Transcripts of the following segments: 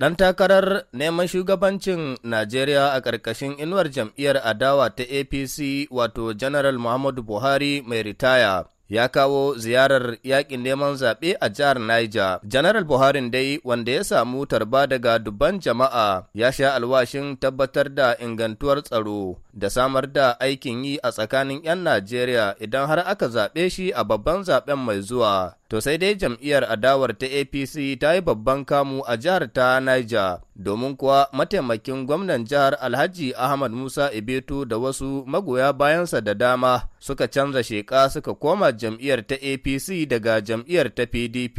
Ɗan takarar neman shugabancin Najeriya a ƙarƙashin inuwar jam'iyyar adawa ta APC wato General Muhammadu Buhari mai ritaya. Ya kawo ziyarar yaƙin neman zaɓe a jihar Niger. General Buhari dai wanda ya samu tarba daga dubban jama'a ya sha alwashin tabbatar da ingantuwar tsaro da samar da aikin yi a tsakanin 'yan Najeriya idan har aka zaɓe shi a babban zaɓen mai zuwa. To sai dai jam'iyyar adawar ta APC ta yi babban kamu a jihar ta Niger, domin kuwa mataimakin gwamnan jihar Alhaji Ahmad Musa Ibetu da wasu magoya bayansa da dama suka canza sheƙa suka koma jam'iyyar ta APC daga jam'iyyar ta PDP.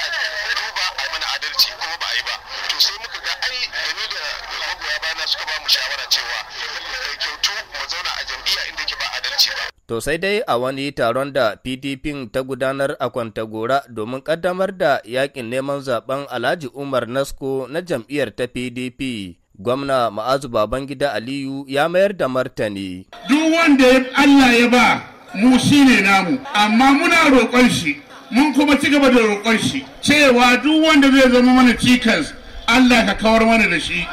shawara cewa mai kyautu mu zauna a jam'iyya inda ke ba adalci ba. To sai dai a wani taron da PDP ta gudanar a Kwantagora domin kaddamar da yakin neman zaben Alhaji Umar Nasko na jam'iyyar ta PDP. Gwamna Ma'azu Babangida Aliyu ya mayar da martani. Duk wanda Allah ya ba mu shi ne namu, amma muna roƙon shi, mun kuma ci gaba da roƙon shi, cewa duk wanda zai zama mana cikas Allah ka kawar mana da shi,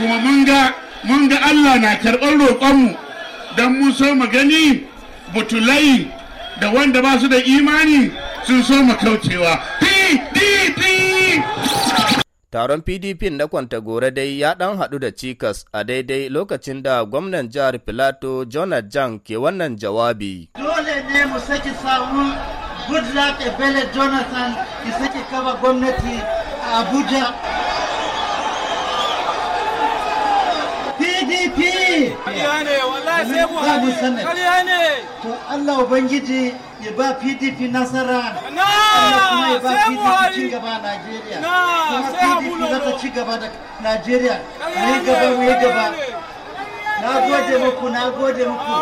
kuma mun ga mun ga Allah na karɓar roƙonmu don mun so mu gani butulai da wanda ba su da imani sun so mu kaucewa PDP Taron PDP na kwanta gore dai ya ɗan haɗu da cikas a daidai lokacin da gwamnan jihar Filato Jonathan Jang ke wannan jawabi. Dole ne mu saki sawun Goodluck Ebele Jonathan ki saki kaba gwamnati a Abuja domin za to Allah ubangiji ya ba PDP nasara Allah kuma ya ba PDP ci gaba a Najeriya kuma PDP za ta ci gaba da Najeriya mu yi gaba mu yi gaba na gode muku na gode muku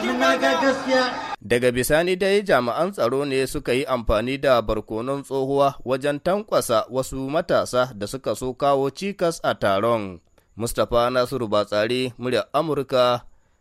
kuma na ga gaskiya Daga bisani dai jami'an tsaro ne suka yi amfani da barkonon tsohuwa wajen tankwasa wasu matasa da suka so kawo cikas a taron. Mustapha Nasiru Batsari, muryar Amurka